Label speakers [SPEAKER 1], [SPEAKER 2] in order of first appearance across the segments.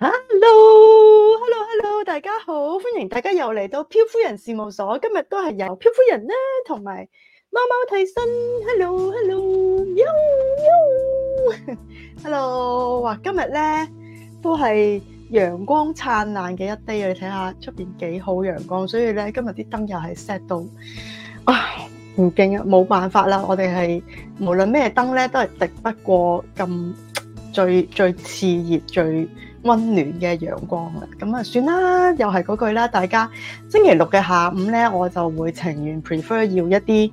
[SPEAKER 1] hello，hello，hello，大家好，歡迎大家又嚟到漂夫人事務所。今日都係由漂夫人咧，同埋貓貓替身。hello，hello，優優，hello。哇，今日咧都係陽光燦爛嘅一日。你睇下出邊幾好陽光，所以咧今日啲燈又係 set 到唉，唔勁啊，冇辦法啦。我哋係無論咩燈咧，都係敵不過咁最最熾熱最。溫暖嘅陽光啦，咁就算啦，又係嗰句啦。大家星期六嘅下午咧，我就會情願 prefer 要一啲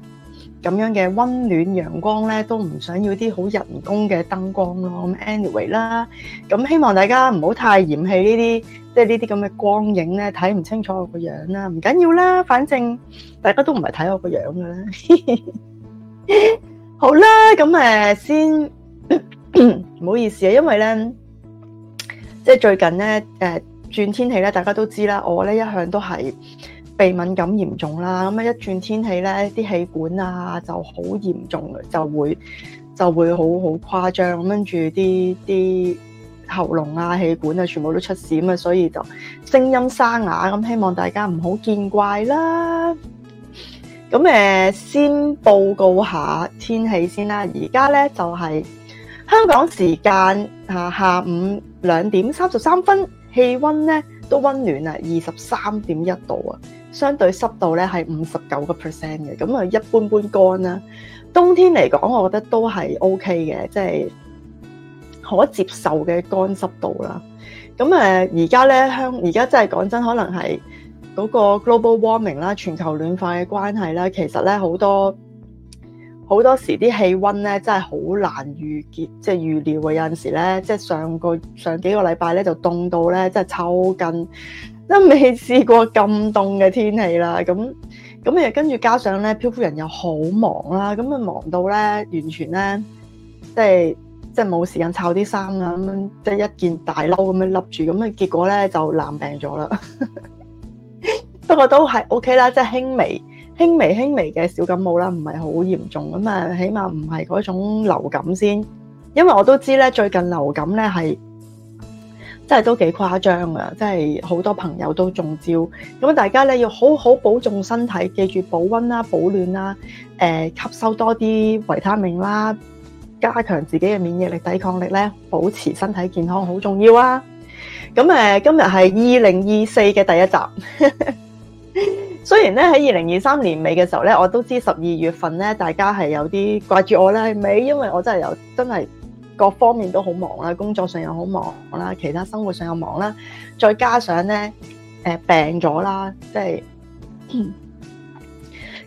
[SPEAKER 1] 咁樣嘅溫暖陽光咧，都唔想要啲好人工嘅燈光咯。咁 anyway 啦，咁希望大家唔好太嫌棄呢啲，即係呢啲咁嘅光影咧，睇唔清楚我個樣啦，唔緊要啦，反正大家都唔係睇我個樣嘅啦。好啦，咁誒先，唔好意思啊，因為咧。即係最近咧，誒轉天氣咧，大家都知啦。我咧一向都係鼻敏感嚴重啦，咁一轉天氣咧，啲氣管啊就好嚴重，就會就會好好誇張咁，跟住啲啲喉嚨啊、氣管啊，全部都出事咁啊，所以就聲音沙啞咁。希望大家唔好見怪啦。咁誒，先報告下天氣先啦。而家咧就係香港時間啊下午。兩點三十三分，氣温咧都温暖啦，二十三點一度啊，相對濕度咧係五十九個 percent 嘅，咁啊一般般乾啦。冬天嚟講，我覺得都係 OK 嘅，即係可接受嘅乾濕度啦。咁誒，而家咧香，而家真係講真，可能係嗰個 global warming 啦，全球暖化嘅關係啦，其實咧好多。好多時啲氣温咧真係好難預見，即係預料嘅，有陣時咧，即係上個上幾個禮拜咧就凍到咧，即係抽筋，都未試過咁凍嘅天氣啦。咁咁又跟住加上咧，漂夫人又好忙啦，咁啊忙到咧完全咧，即係即係冇時間摷啲衫啊，咁樣即係一件大褸咁樣笠住，咁啊結果咧就爛病咗啦。 不過都係 OK 啦，即係輕微。輕微輕微嘅小感冒啦，唔係好嚴重咁啊，起碼唔係嗰種流感先，因為我都知咧，最近流感咧係真係都幾誇張啊，真係好多朋友都中招，咁大家咧要好好保重身體，記住保温啦、保暖啦，誒，吸收多啲維他命啦，加強自己嘅免疫力、抵抗力咧，保持身體健康好重要啊！咁誒，今日係二零二四嘅第一集。 雖然咧喺二零二三年尾嘅時候咧，我都知十二月份咧，大家係有啲掛住我咧，係咪？因為我真係有真係各方面都好忙啦，工作上又好忙啦，其他生活上又忙啦，再加上咧，誒病咗啦，即係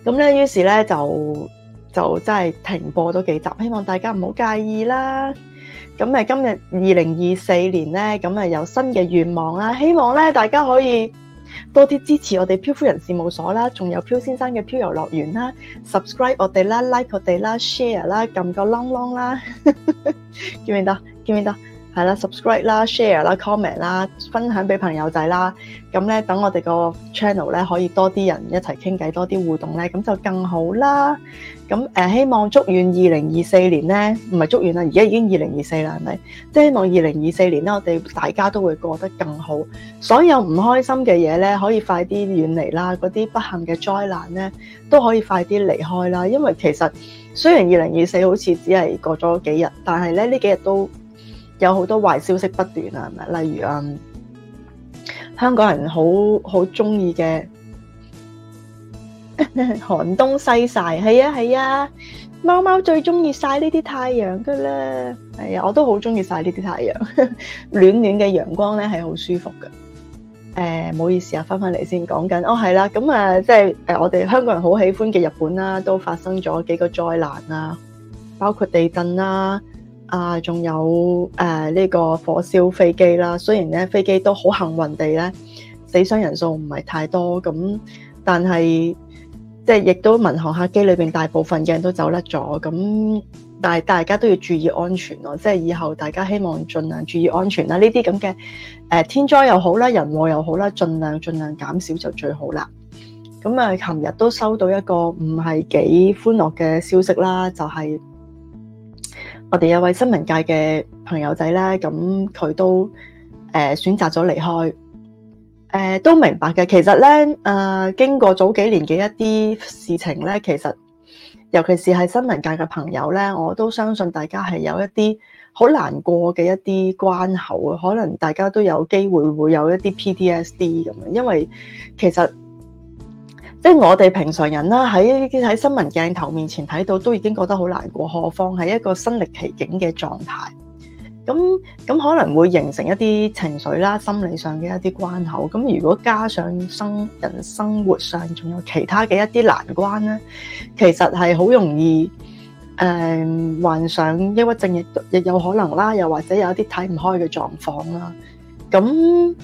[SPEAKER 1] 咁咧，於是咧就就真係停播咗幾集，希望大家唔好介意啦。咁誒，今日二零二四年咧，咁誒有新嘅願望啦，希望咧大家可以，多啲支持我哋漂夫人事務所啦，仲有漂先生嘅漂遊樂園啦，subscribe 我哋啦，like 我哋啦，share 啦，撳個 long long 啦，見唔見到？見唔見到？係啦，subscribe 啦，share 啦，comment 啦，分享俾朋友仔啦，咁咧等我哋個 channel 咧可以多啲人一齊傾偈，多啲互動咧，咁就更好啦。咁誒，希望祝願二零二四年咧，唔係祝願啦，而家已經二零二四啦，係咪？即係希望二零二四年咧，我哋大家都會過得更好，所有唔開心嘅嘢咧，可以快啲遠離啦，嗰啲不幸嘅災難咧，都可以快啲離開啦。因為其實雖然二零二四好似只係過咗幾日，但係咧呢幾日都有好多壞消息不斷啊，係咪？例如誒，嗯，香港人好好中意嘅。寒冬西曬，係啊係啊，貓貓最中意曬呢啲太陽噶啦，係啊，我都好中意曬呢啲太陽，暖暖嘅陽光咧係好舒服噶。誒，唔好意思啊，翻翻嚟先講緊，哦係啦，咁啊即係誒我哋香港人好喜歡嘅日本啦，都發生咗幾個災難啦，包括地震啦，啊仲有誒呢個火燒飛機啦，雖然咧飛機都好幸運地咧，死傷人數唔係太多咁，但係。即係亦都民航客機裏邊大部分嘅人都走甩咗，咁但係大家都要注意安全咯。即係以後大家希望儘量注意安全啦，呢啲咁嘅誒天災又好啦，人禍又好啦，儘量儘量減少就最好啦。咁啊，琴日都收到一個唔係幾歡樂嘅消息啦，就係我哋有位新聞界嘅朋友仔咧，咁佢都誒選擇咗離開。誒，都明白嘅。其實咧，誒、呃，經過早幾年嘅一啲事情咧，其實尤其是係新聞界嘅朋友咧，我都相信大家係有一啲好難過嘅一啲關口啊。可能大家都有機會會有一啲 PTSD 咁樣，因為其實即係、就是、我哋平常人啦，喺喺新聞鏡頭面前睇到，都已經覺得好難過，何況係一個身歷其境嘅狀態。咁咁可能會形成一啲情緒啦，心理上嘅一啲關口。咁如果加上生人生活上仲有其他嘅一啲難關咧，其實係好容易誒，患上抑鬱症亦亦有可能啦，又或者有一啲睇唔開嘅狀況啦。咁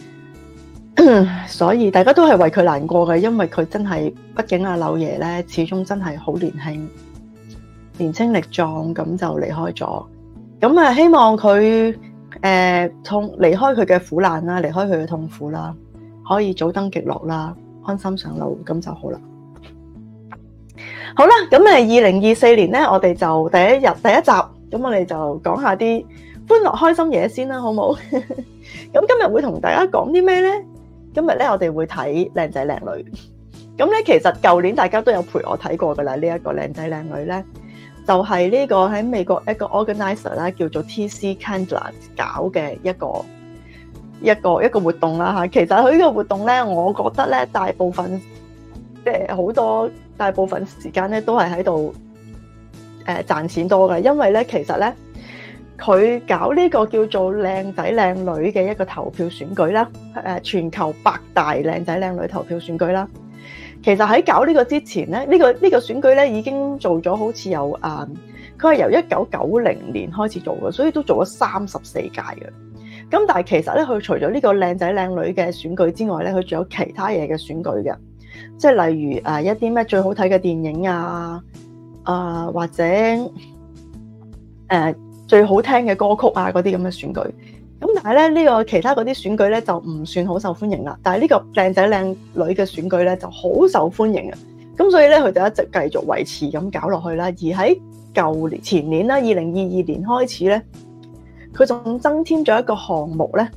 [SPEAKER 1] 所以大家都係為佢難過嘅，因為佢真係，畢竟阿柳爺咧，始終真係好年輕，年輕力壯，咁就離開咗。咁啊，希望佢誒、呃、痛離開佢嘅苦難啦，離開佢嘅痛苦啦，可以早登極樂啦，安心上路咁就好啦。好啦，咁誒，二零二四年咧，我哋就第一日第一集，咁我哋就講下啲歡樂開心嘢先啦，好冇好？咁 今日會同大家講啲咩咧？今日咧，我哋會睇靚仔靚女。咁咧，其實舊年大家都有陪我睇過噶啦，這個、俊男俊女，呢一個靚仔靚女咧。就係呢個喺美國一個 organizer 啦，叫做 TC Candler 搞嘅一個一個一個活動啦嚇。其實佢呢個活動咧，我覺得咧大部分即係好多大部分時間咧都係喺度誒賺錢多嘅，因為咧其實咧佢搞呢個叫做靚仔靚女嘅一個投票選舉啦，誒、呃、全球百大靚仔靚女投票選舉啦。其實喺搞呢個之前咧，呢個呢個選舉咧已經做咗好似有誒，佢、呃、係由一九九零年開始做嘅，所以都做咗三十四屆嘅。咁但係其實咧，佢除咗呢個靚仔靚女嘅選舉之外咧，佢仲有其他嘢嘅選舉嘅，即係例如誒、呃、一啲咩最好睇嘅電影啊，啊、呃、或者誒、呃、最好聽嘅歌曲啊嗰啲咁嘅選舉。係咧，呢個其他嗰啲選舉咧就唔算好受歡迎啦，但係呢個靚仔靚女嘅選舉咧就好受歡迎啊！咁所以咧，佢就一直繼續維持咁搞落去啦。而喺舊年前年啦，二零二二年開始咧，佢仲增添咗一個項目咧，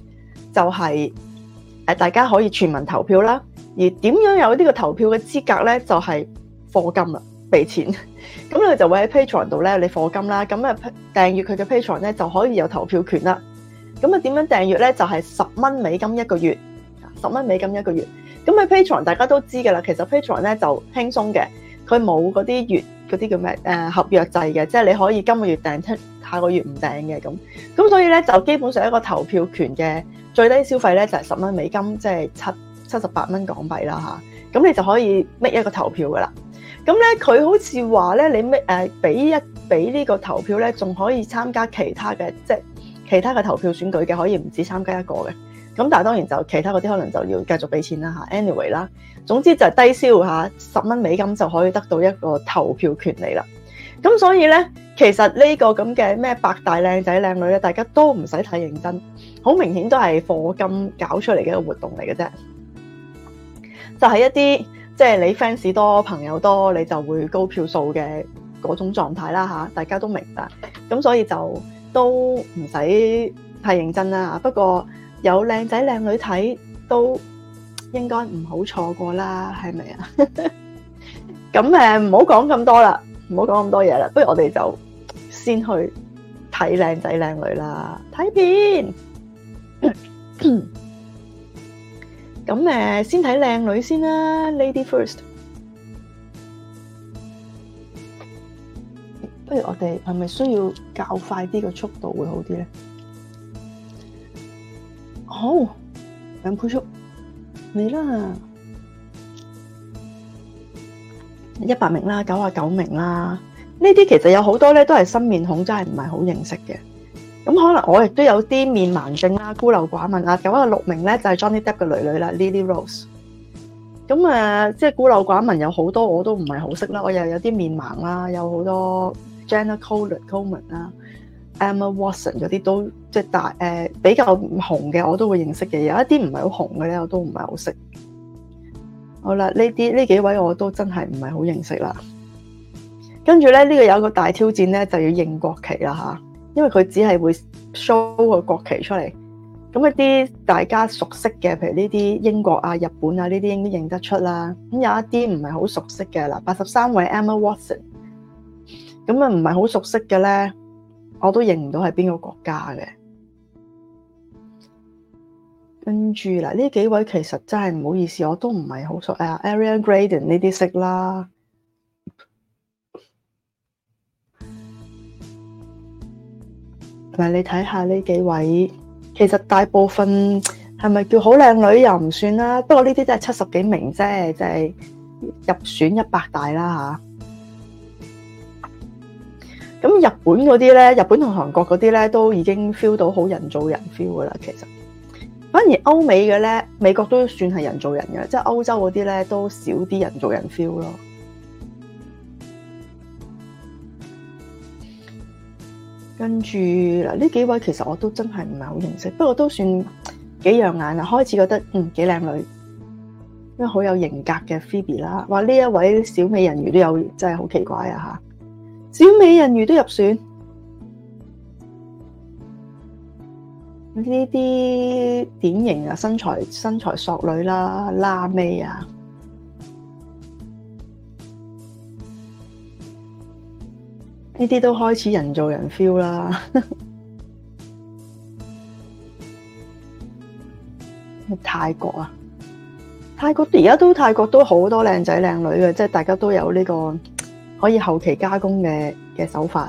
[SPEAKER 1] 就係誒大家可以全民投票啦。而點樣有呢個投票嘅資格咧，就係課金啦，俾錢。咁佢就會喺 Patreon 度咧，你課金啦，咁啊訂閲佢嘅 Patreon 咧，就可以有投票權啦。咁啊，點樣訂閱咧？就係十蚊美金一個月，十蚊美金一個月。咁啊 Patreon 大家都知㗎啦。其實 Patreon 咧就輕鬆嘅，佢冇嗰啲月嗰啲叫咩？誒合約制嘅，即係你可以今個月訂出，下個月唔訂嘅咁。咁所以咧就基本上一個投票權嘅最低消費咧就係十蚊美金，即係七七十八蚊港幣啦嚇。咁你就可以搣一個投票噶啦。咁咧佢好似話咧，你搣誒俾一俾呢個投票咧，仲可以參加其他嘅即係其他嘅投票選舉嘅可以唔止參加一個嘅，咁但係當然就其他嗰啲可能就要繼續俾錢啦嚇，anyway 啦，總之就係低消嚇十蚊美金就可以得到一個投票權利啦。咁所以咧，其實呢個咁嘅咩百大靚仔靚女咧，大家都唔使睇認真，好明顯都係課金搞出嚟嘅一個活動嚟嘅啫，就係、是、一啲即係你 fans 多朋友多你就會高票數嘅嗰種狀態啦吓，大家都明白，咁所以就。都唔使太認真啦，不過有靚仔靚女睇都應該唔好錯過啦，係咪啊？咁誒唔好講咁多啦，唔好講咁多嘢啦，不如我哋就先去睇靚仔靚女啦，睇片。咁誒，先睇靚女先啦，Lady First。不如我哋係咪需要較快啲嘅速度會好啲咧？好，兩倍速嚟啦！一百名啦，九啊九名啦，呢啲其實有好多咧都係新面孔，真係唔係好認識嘅。咁可能我亦都有啲面盲症啦，孤陋寡聞啊。九啊六名咧就係 Johnny Depp 嘅女女啦，Lily Rose。咁啊，即係孤陋寡聞有好多我都唔係好識啦，我又有啲面盲啦，有好多。Jenna Coleman、Emma Watson 嗰啲都即係大誒、呃、比較紅嘅，我都會認識嘅。有一啲唔係好紅嘅咧，我都唔係好識的。好啦，呢啲呢幾位我都真係唔係好認識啦。跟住咧，呢、呢個有一個大挑戰咧，就要認國旗啦嚇，因為佢只係會 show 個國旗出嚟。咁一啲大家熟悉嘅，譬如呢啲英國啊、日本啊呢啲，呢啲應該認得出啦。咁有一啲唔係好熟悉嘅啦，八十三位 Emma Watson。咁咪唔係好熟悉嘅呢，我都認唔到係邊個國家嘅。跟住喇，呢幾位其實真係唔好意思，我都唔係好熟啊。Ariana Grande 呢啲識啦，同埋你睇下呢幾位，其實大部分係咪叫好靚女又唔算啦。不過呢啲真係七十幾名啫，就係入選一百大啦。咁日本嗰啲咧，日本同韓國嗰啲咧，都已經 feel 到好人造人 feel 噶啦，其實。反而歐美嘅呢，美國都算係人造人嘅，即係歐洲嗰啲咧都少啲人造人 feel 咯。跟住嗱，呢幾位其實我都真係唔係好認識，不過都算幾養眼啊！開始覺得嗯幾靚女，因為好有型格嘅 Phoebe 啦。話呢一位小美人魚都有，真係好奇怪啊！小美人魚都入選，呢啲典型啊，身材身材索女啦，拉美啊，呢啲都開始人造人 feel 啦。 泰國啊，泰國而家都泰國都好多靚仔靚女嘅，即係大家都有呢個。可以後期加工嘅手法。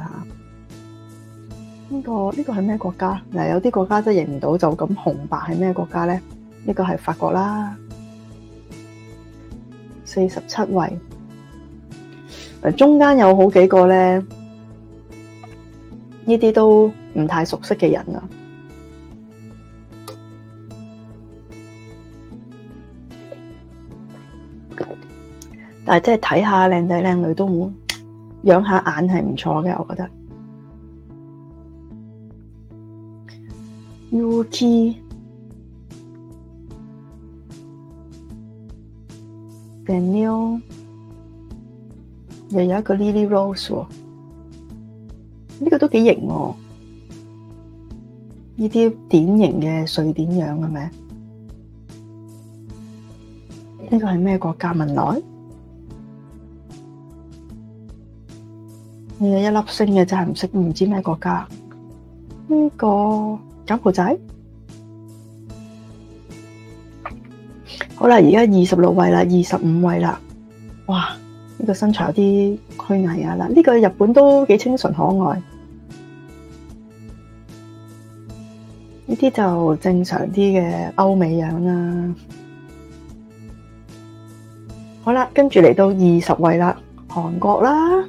[SPEAKER 1] 呢個、呢個、係咩國家？有啲國家真係認唔到就咁紅白係咩國家呢？呢個係法國啦，四十七位，中間有好幾個呢，呢啲都唔太熟悉嘅人。但真係睇下靚仔靚女都好，養下眼係唔錯嘅，我覺得。Yuki Daniel 又有一個 Lily Rose 喎，呢個都幾型喎。依啲典型嘅瑞典樣係咪？呢個係咩國家？文萊？有一粒星嘅真係唔識，唔知咩國家。呢個柬埔寨好啦，而家二十六位啦，二十五位啦，哇！呢個身材有啲虛偽啊，嗱，呢個日本都幾清純可愛，呢啲就正常啲嘅歐美樣啦。好啦，跟住嚟到二十位啦，韓國啦。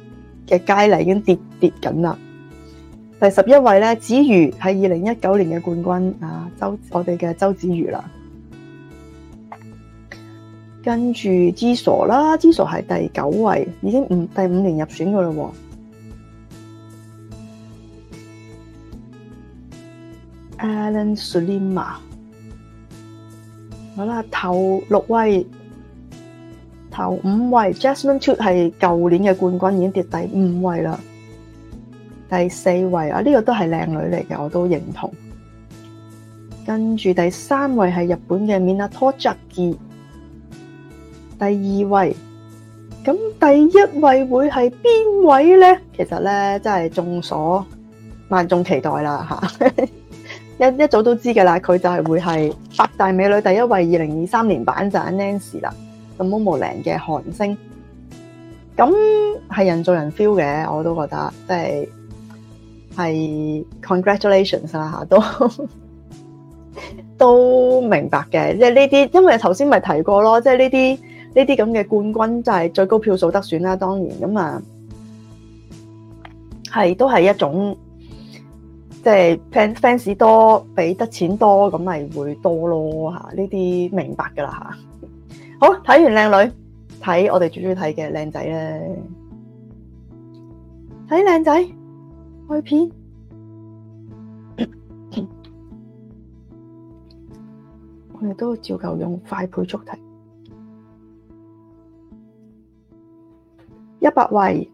[SPEAKER 1] 嘅階梯已經跌跌緊啦。第十一位咧，子瑜係二零一九年嘅冠軍啊，周我哋嘅周子瑜啦。跟住之傻啦，之傻係第九位，已經唔，第五年入選噶啦。喎。了。Alan Slima，好啦，頭六位。頭五位，Jasmine Tookes 係舊年嘅冠軍，已經跌第五位啦。第四位啊，呢個都係靚女嚟嘅，我都認同。跟住第三位係日本嘅 Minatozaki。第二位，咁第一位會係邊位咧？其實咧，真係眾所萬眾期待啦吓，一一早都知噶啦，佢就係會係百大美女第一位，二零二三年版就係 Nancy 啦。Momoland 嘅韓星，咁係人造人 feel 嘅，我都覺得，即係係 congratulations 啦嚇，都都明白嘅，即係呢啲，因為頭先咪提過咯，即係呢啲呢啲咁嘅冠軍，就係最高票數得選啦，當然咁啊，係都係一種即係 fans fans 多，俾得錢多，咁咪會多咯嚇，呢啲明白噶啦嚇。好，睇完靚女，睇我哋最中意睇嘅靚仔呢，睇靚仔開片，我哋都照舊用快倍速睇，一百位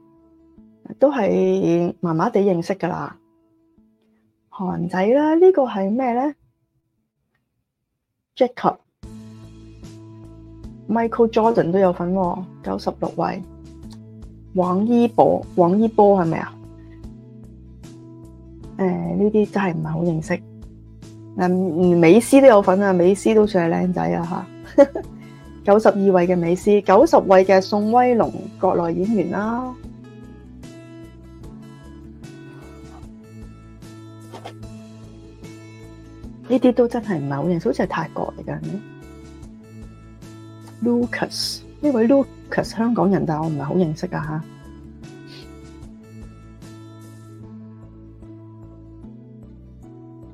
[SPEAKER 1] 都係麻麻地認識噶啦，韓仔啦，呢個係咩呢？Jacob。Michael Jordan 都有份喎、啊，九十六位。王一博、王一博係咪啊？誒、呃，呢啲真係唔係好認識。美斯都有份啊，美斯都算係靚仔啊。九十二位嘅美斯，九十位嘅宋威龍，國內演員啦、啊。呢啲都真係唔係好認識，好似係泰國嚟嘅。Lucas 呢位 Lucas 香港人但係，我唔係好認識啊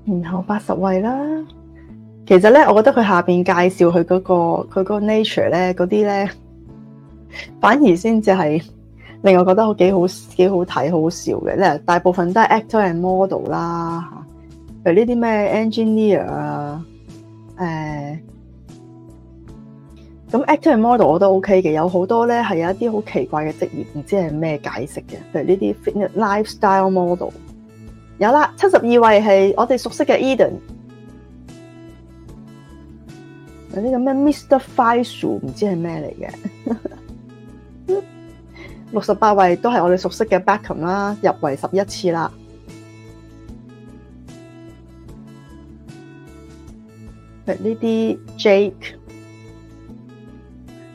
[SPEAKER 1] 吓，然後八十位啦，其實咧我覺得佢下邊介紹佢嗰個佢個 nature 咧嗰啲咧，反而先至係令我覺得好幾好幾好睇好笑嘅，因為大部分都係 actor and model 啦吓，譬如呢啲咩 engineer 啊誒。呃咁 actor model 我都 OK 嘅，有好多咧係有一啲好奇怪嘅職業，唔知係咩解釋嘅，譬如呢啲 fitness lifestyle model。有啦，七十二位係我哋熟悉嘅 Edan。有呢個咩 Mr. Fastu，唔知係咩嚟嘅？六十八位都係我哋熟悉嘅 Beckham 啦，入圍十一次啦。譬如呢啲 Jake。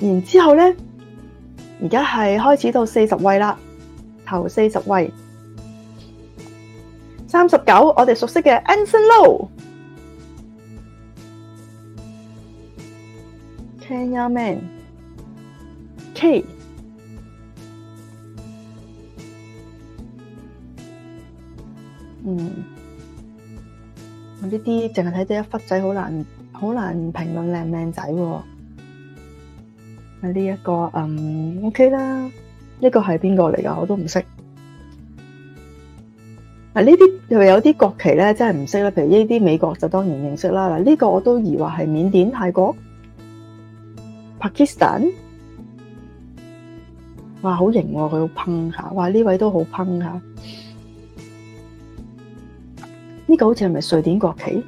[SPEAKER 1] 然之後咧，而家係開始到四十位啦，頭四十位，三十九，我哋熟悉嘅 Anson Lo，Can Ya Man，K，嗯，我呢啲淨係睇到一忽仔，好難，好難評論靚唔靚仔喎。啊、這呢一個嗯 O K 啦，呢、okay 呢個係邊個嚟㗎？我都唔識。啊呢啲有啲國旗咧，真係唔識啦。譬如呢啲美國就當然認識啦。呢、呢個我都以為係緬甸、泰國、Pakistan。哇，好型、啊！佢噴下，哇呢位都好噴下。呢、呢個好似係咪瑞典國旗？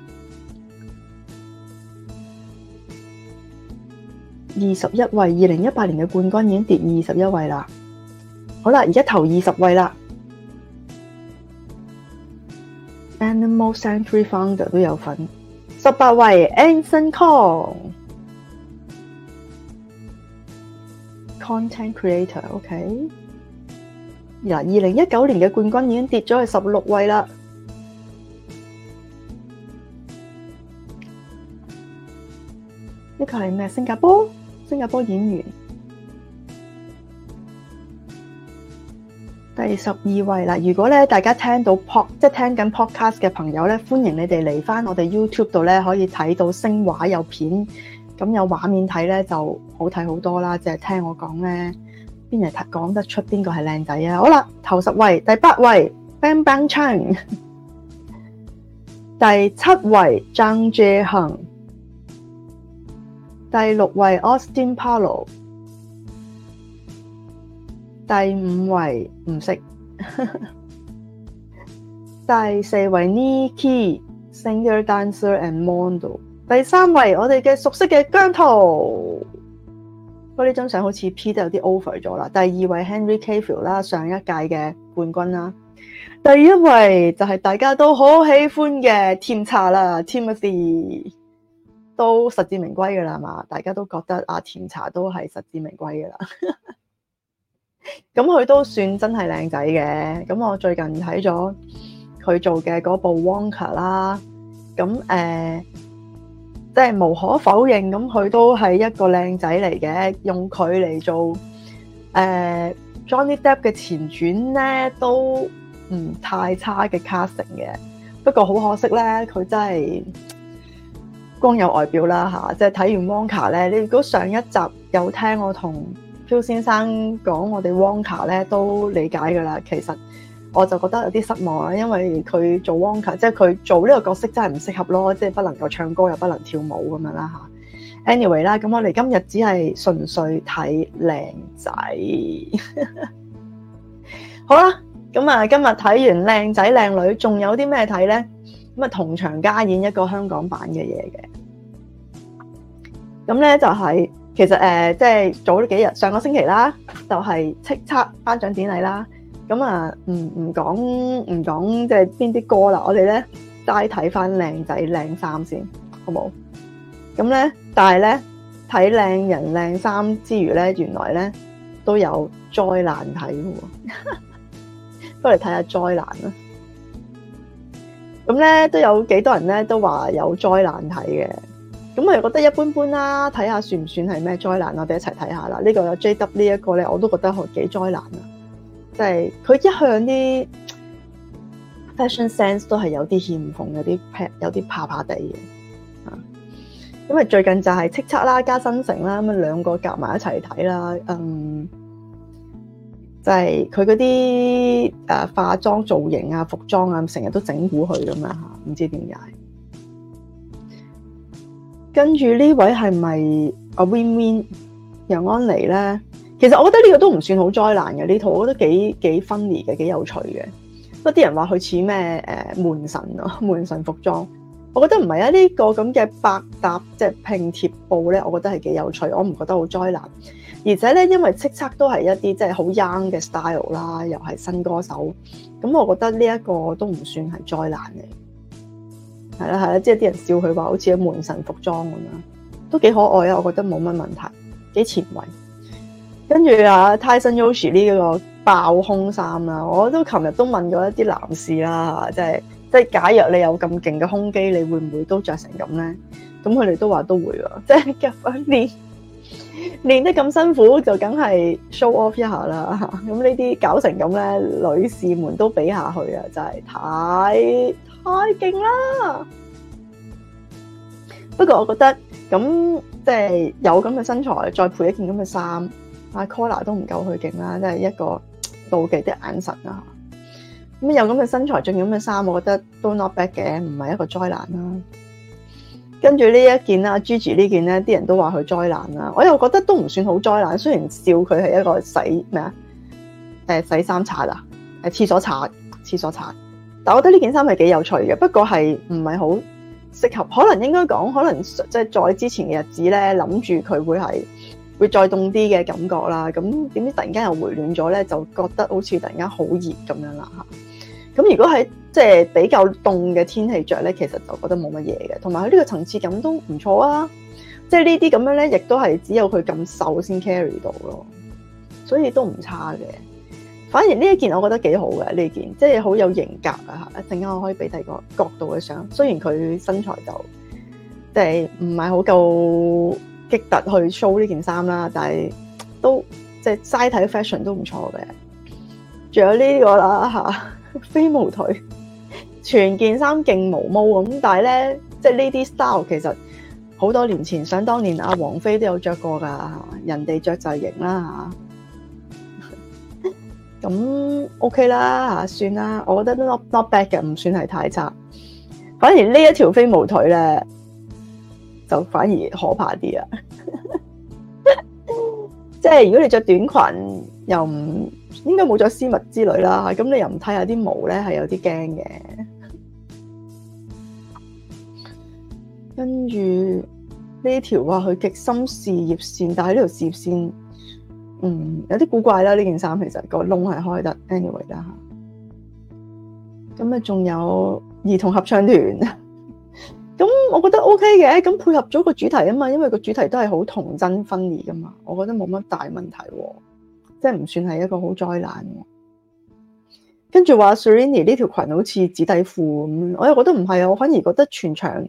[SPEAKER 1] 二十一位，二零一八年嘅冠軍已經跌二十一位啦。好啦，而家投二十位啦。Animal Sanctuary Founder 都有份。十八位，Anson Kong。Content Creator，OK、okay。二零一九年嘅冠軍已經跌咗去十六位啦。呢個係咩？新加坡？新加坡演員，第十二位啦。如果咧大家聽到 pod，cast，即係聽緊 podcast 嘅朋友咧，歡迎你哋嚟翻我哋 YouTube 度咧，可以睇到聲畫有片，咁有畫面睇咧就好睇好多啦。淨係聽我講咧，邊人講得出邊個係靚仔啊？好啦，頭十位，第八位，Bang Bang Chang，第七位，張哲恆。第六位 Austin Parlo 第五位唔識，第四位 Niki Singer Dancer and Model，第三位我哋嘅熟悉嘅姜濤，不過呢張相好似 P 得有啲 over 咗啦。第二位 Henry Cavill 啦，上一屆嘅冠軍啦，第一位就係大家都好喜歡嘅甜茶啦，Timothée。都實至名歸嘅啦，係嘛？大家都覺得阿甜茶都係實至名歸嘅啦。咁佢都算真係靚仔嘅。咁我最近睇咗佢做嘅嗰部《Wonka》啦。咁誒、呃，即係無可否認，咁佢都係一個靚仔嚟嘅。用佢嚟做誒、呃、Johnny Depp 嘅前傳咧，都唔太差嘅 casting 嘅。不過好可惜咧，佢真係。光有外表啦嚇，即係睇完 Wonka 咧，你如果上一集有聽我同 Phil 先生講我哋 Wonka 咧，都理解噶啦。其實我就覺得有啲失望啦，因為佢做 Wonka，即係佢做呢個角色真係唔適合咯，即係不能夠唱歌又不能跳舞咁樣啦嚇。Anyway 啦，咁我哋今日只係純粹睇靚仔。 好啦，咁啊，今日睇完靚仔靚女，仲有啲咩睇咧？咁啊，同場加演一個香港版嘅嘢嘅，咁咧就係、是、其實誒，即、呃、係、就是、早咗幾日，上個星期啦，就係叱咤頒獎典禮啦。咁啊，唔唔講唔講，即係邊啲歌啦，我哋咧齋睇翻靚仔靚衫先，好冇？咁咧，但係咧睇靚人靚衫之餘咧，原來咧都有災難睇嘅喎，不如睇下災難啦。咁咧都有幾多人咧都話有災難睇嘅，咁我又覺得一般般啦。睇下算唔算係咩災難，我哋一齊睇下啦。呢個有呢個 J.W. 呢一個咧，我都覺得係幾災難啊，即係佢一向啲 fashion sense 都係有啲欠奉，有啲怕有啲怕怕地嘅啊。因為最近就係叱咤啦，加新城啦，咁兩個夾埋一齊睇啦，嗯。就係佢嗰啲誒化妝造型啊、服裝啊，成日都整蠱佢咁啊，唔知點解。跟住呢位係咪阿 Win Win 楊安妮咧？其實我覺得呢個都唔算好災難嘅，呢套我覺得幾幾 funny 嘅，幾有趣嘅。有啲人話佢似咩誒門神啊，門神服裝，我覺得唔係啊。呢個咁嘅百搭即係拼貼布咧，我覺得係幾有趣，我唔覺得好災難。而且咧，因為叱咤都係一啲即係好 young 嘅 style 啦，又係新歌手，咁我覺得呢一個都唔算係災難嚟。係啦係啦，即係啲人笑佢話好似啲門神服裝咁樣，都幾可愛啊！我覺得冇乜問題，幾前衞。跟住啊，Tyson Yoshi 呢個爆胸衫啦，我都琴日都問過一啲男士啦，即係即係，假若你有咁勁嘅胸肌，你會唔會都着成咁咧？咁佢哋都話都會啊，即係 get 練得咁辛苦，就梗係 show off 一下啦。咁呢啲搞成咁咧，女士們都比下去啊，真、就、係、是、太太勁啦！不過我覺得咁即係有咁嘅身材，再配一件咁嘅衫，阿 Kola，mm hmm. 啊、都唔夠佢勁啦。即、就、係、是、一個妒忌的眼神啊！咁有咁嘅身材，仲有咁嘅衫，我覺得都 not bad 嘅，唔係一個災難啦、啊。跟住呢一件啦，Gigi 呢件咧，啲人都話佢災難啦。我又覺得都唔算好災難。雖然笑佢係一個洗咩啊，誒、呃、洗衫擦啊，誒、呃、廁所擦，廁所擦。但我覺得呢件衫係幾有趣嘅，不過係唔係好適合？可能應該講，可能即係再之前嘅日子咧，諗住佢會係會再凍啲嘅感覺啦。咁點知突然間又回暖咗咧，就覺得好似突然間好熱咁樣啦。吓。咁如果喺即係比較凍嘅天氣着咧，其實就覺得冇乜嘢嘅。同埋佢呢個層次感都唔錯啊！即係呢啲咁樣咧，亦都係只有佢咁瘦先 carry 到咯，所以都唔差嘅。反而呢一件我覺得幾好嘅呢件，即係好有型格啊！嚇，一陣間我可以俾第二個角度嘅相。雖然佢身材就即係唔係好夠激突去 show 呢件衫啦，但係都即係齋睇 fashion 都唔錯嘅。仲有呢個啦嚇飛毛腿，全件衫勁毛毛咁，但係咧，即係呢啲 style 其實好多年前，想當年阿王菲都有着過噶，人哋着就型啦吓，咁 OK 啦吓，算啦，我覺得都 not bad 嘅，唔算係太差，反而這一條呢一條飛毛腿咧，就反而可怕啲啊， 即係如果你着短裙又唔。應該冇咗絲襪之類啦，咁你又唔睇下啲毛咧，係有啲驚嘅。跟住呢條話佢極深事業線，但係呢條事業線，嗯，有啲古怪啦。呢件衫其實個窿係開得 anyway 啦，咁仲有兒童合唱團，咁我覺得 OK 嘅。咁配合咗個主題啊嘛，因為個主題都係好童真婚禮嘛，我覺得冇乜大問題喎啊。即係唔算是一個好災難嘅，跟住話 Sereni 呢條裙好似紙尿褲，我又覺得唔係啊，我反而覺得全場、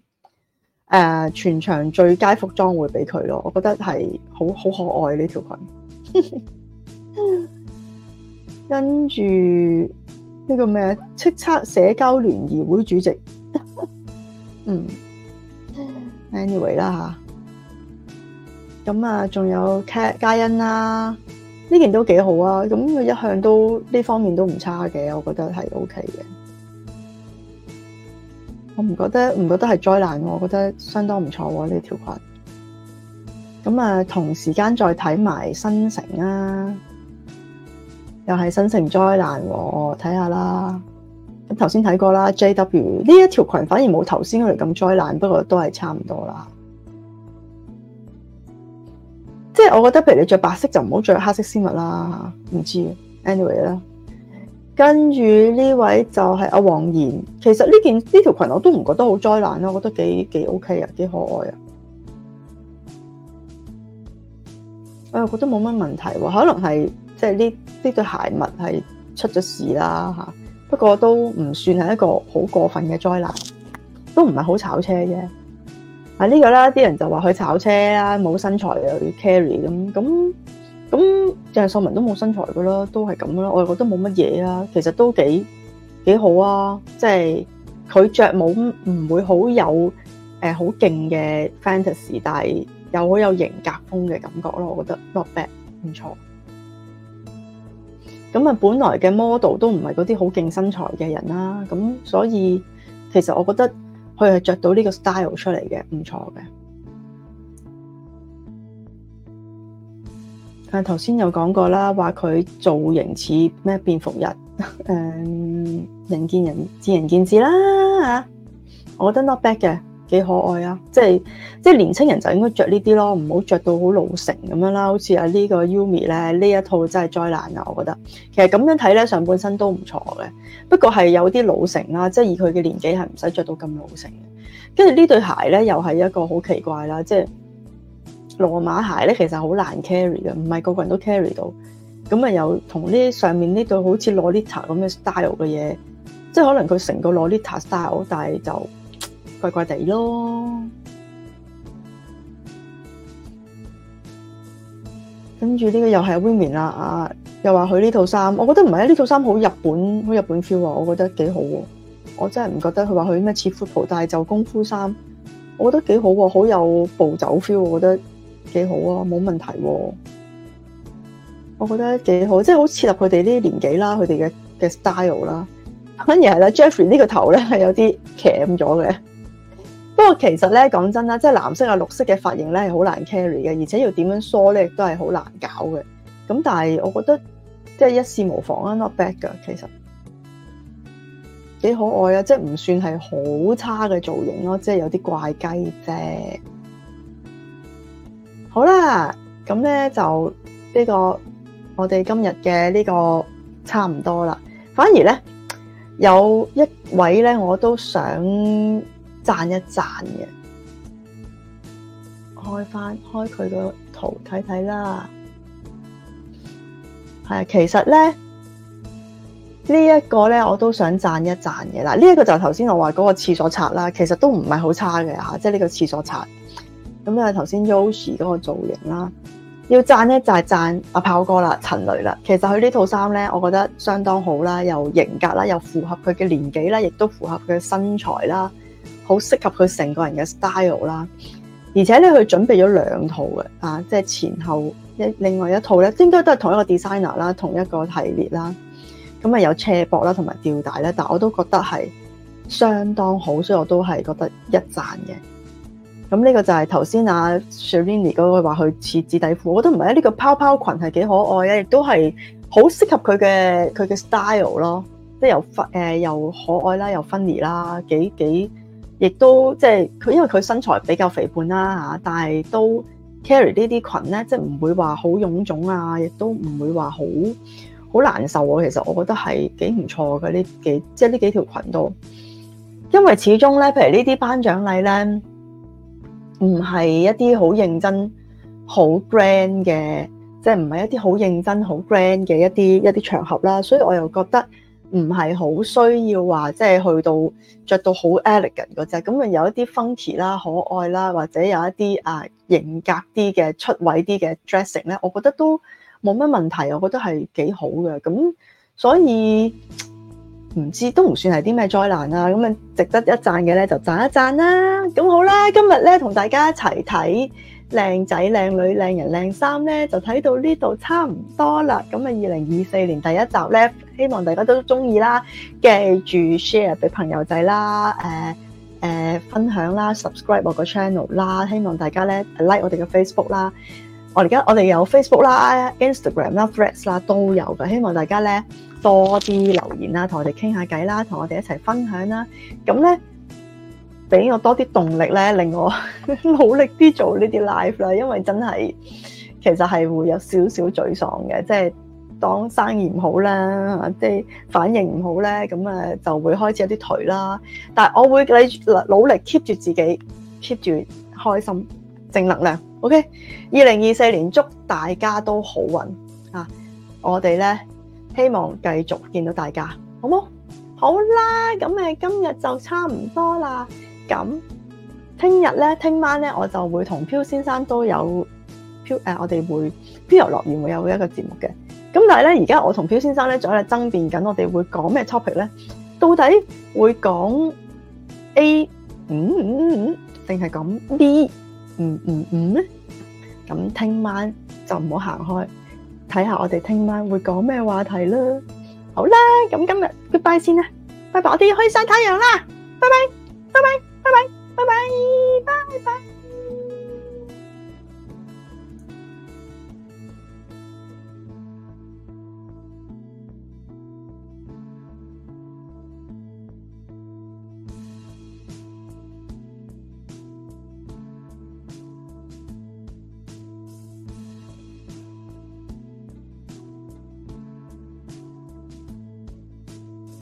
[SPEAKER 1] 呃、全場最佳服裝會俾佢囉，我覺得係好好可愛呢條裙。跟住呢個咩叱咤社交聯誼會主席， 嗯，anyway 啦吓、咁啊，仲有 Cat 嘉欣啦。呢件都幾好啊！咁佢一向都呢方面都唔差嘅，我覺得係 OK 嘅。我唔覺得唔覺得係災難，我覺得相當唔錯呢條裙。咁啊，同時間再睇埋新城啦，啊，又係新城災難啊，睇下啦。咁頭先睇過啦，JW 呢一條裙反而冇頭先嗰條咁災難，不過都係差唔多啦。即係我覺得，譬如你着白色就唔好着黑色絲襪啦。唔知，anyway 啦。跟住呢位就係阿黃言。其實呢件呢條裙我都唔覺得好災難咯，我覺得幾幾 OK 啊，幾可愛啊。哎、我又覺得冇乜問題喎、啊，可能係即係呢呢對鞋襪係出咗事啦吓。不過都唔算係一個好過分嘅災難，都唔係好炒車啫。啊呢個啦，啲人就話佢炒車啦，冇身材又要 carry 咁咁咁，鄭秀文都冇身材噶咯，都係咁咯，我又覺得冇乜嘢啦，其實都幾幾好啊，即係佢著冇唔會好有誒好勁嘅 fantasy，但係又好有型格風嘅感覺咯，我覺得 not bad，唔錯。咁啊，本來嘅 model 都唔係嗰啲好勁身材嘅人啦，咁所以其實我覺得。佢係着到呢個 style 出嚟嘅，唔錯嘅。但係頭先有講過啦，話佢造型似咩蝙蝠人，人見人，見人見智啦。我覺得 not bad 嘅。幾可愛啊！即係即係年青人就應該着呢啲咯，唔好着到好老成咁樣啦。好似啊呢個 Yumi 咧，呢一套真係災難啊！我覺得其實咁樣睇咧，上半身都唔錯嘅，不過係有啲老成啦。即係以佢嘅年紀，係唔使着到咁老成嘅。跟住呢對鞋咧，又係一個好奇怪啦。即係羅馬鞋咧，其實好難 carry 嘅，唔係個個人都 carry 到。咁啊，又同呢上面呢對好似 Lolita 咁嘅 style 嘅嘢，即係可能佢成個 Lolita style，但係就。怪怪地咯，跟住呢個又係 woman 啦，啊，又話佢呢套衫，我覺得唔係啊，呢套衫好日本，好日本、啊、feel 啊，啊，啊，我覺得幾好。我真係唔覺得佢話佢咩似 cool，但係就功夫衫，我覺得幾好，好有暴走 feel，我覺得幾好啊，冇問題。我覺得幾好，即係好切合佢哋啲年紀啦，佢哋嘅嘅 style 啦。反而係啦，Jeffrey 呢個頭咧係有啲鉗咗嘅。不過其實咧，講真啦，即係藍色啊、綠色嘅髮型咧係好難 carry 嘅，而且要點樣梳咧，亦都係好難搞嘅。咁但係我覺得即係一試無妨啊，not bad 噶，其實幾可愛啊，即係唔算係好差嘅造型咯，即係有啲怪雞啫。好啦，咁咧就呢個我哋今日嘅呢個差唔多啦。反而咧有一位咧，我都想讚一讚嘅，開翻開佢個圖睇睇啦。係啊，其實咧呢一、這個咧我都想讚一讚嘅嗱，呢、這、一個就頭先我話嗰個廁所刷啦，其實都唔係好差嘅嚇，即係呢個廁所刷。咁啊頭先、就是、Yoshi 嗰個造型啦，要讚咧就係、是、讚阿炮哥啦、陳雷啦。其實佢呢套衫咧，我覺得相當好啦，又型格啦，又符合佢嘅年紀啦，亦都符合佢嘅身材啦。好適合佢成個人嘅 style 啦，而且咧佢準備咗兩套嘅啊，即係前後一另外一套咧，應該都係同一個 designer 啦，同一個系列啦。咁啊有斜膊啦，同埋吊帶咧，但係我都覺得係相當好，所以我都係覺得一讚嘅。咁呢個就係頭先阿 Shirini 嗰個話佢似紙底褲，我覺得唔係，呢個泡泡裙係幾可愛嘅，亦都係好適合佢嘅佢嘅 style 咯，即係又分又可愛啦，又 funny 啦，幾幾～亦都即係佢，因為佢身材比較肥胖啦嚇，但係都 carry 呢啲裙咧，即係唔會話好臃腫啊，亦都唔會話好好難受啊。其實我覺得係幾唔錯嘅呢幾即係呢幾條裙都，因為始終咧，譬如呢啲頒獎禮咧，唔係一啲好認真、好 grand 嘅，即係唔係一啲好認真、好 grand 嘅一啲一啲場合啦，所以我又覺得。唔係好需要話，即係去到着到好 elegant 嗰隻，咁啊有一啲 funky 啦、可愛啦，或者有一啲啊嚴格型格啲嘅出位啲嘅 dressing 咧，我覺得都冇乜問題，我覺得係幾好嘅。咁所以唔知都唔算係啲咩災難啊。咁啊值得一讚嘅咧，就讚一讚啦。咁好啦，今日咧同大家一齊睇靚仔靚女靚人靚衫咧，就睇到呢度差唔多啦。咁啊，二零二四年第一集咧。希望大家都中意啦，記住 share 俾朋友仔啦，誒、呃、誒、呃、分享啦，subscribe 我個 channel 啦，希望大家咧 like 我哋嘅 Facebook 啦，我而家我哋有 Facebook 啦、Instagram 啦、Threads 啦都有嘅，希望大家咧多啲留言啦，同我哋傾下偈啦，同我哋一齊分享啦，咁咧俾我多啲動力咧，令我 努力啲做呢啲 live 啦，因為真係其實係會有少少沮喪嘅，即係。當生意唔好啦，即係反應唔好咧，咁啊就會開始有啲頹啦。但係我會，努力 keep 住自己，keep 住開心，正能量。O K，二零二四年祝大家都好運啊！我哋咧希望繼續見到大家，好冇？好啦，咁誒，今日就差唔多啦。咁聽日咧，聽晚咧，我就會同漂先生都有飄誒、呃，我哋會漂遊樂園會有一個節目嘅。咁但係咧，而家我同漂先生咧仲喺度爭辯緊，我哋會講咩 topic 咧？到底會講 A 五五五，定係講 B 五五五咧？咁聽晚就唔好行開，睇下我哋聽晚會講咩話題啦。好啦，咁今日 goodbye 先啦，拜拜，我哋要去曬太陽啦，拜拜，拜拜，拜拜，拜拜，拜拜。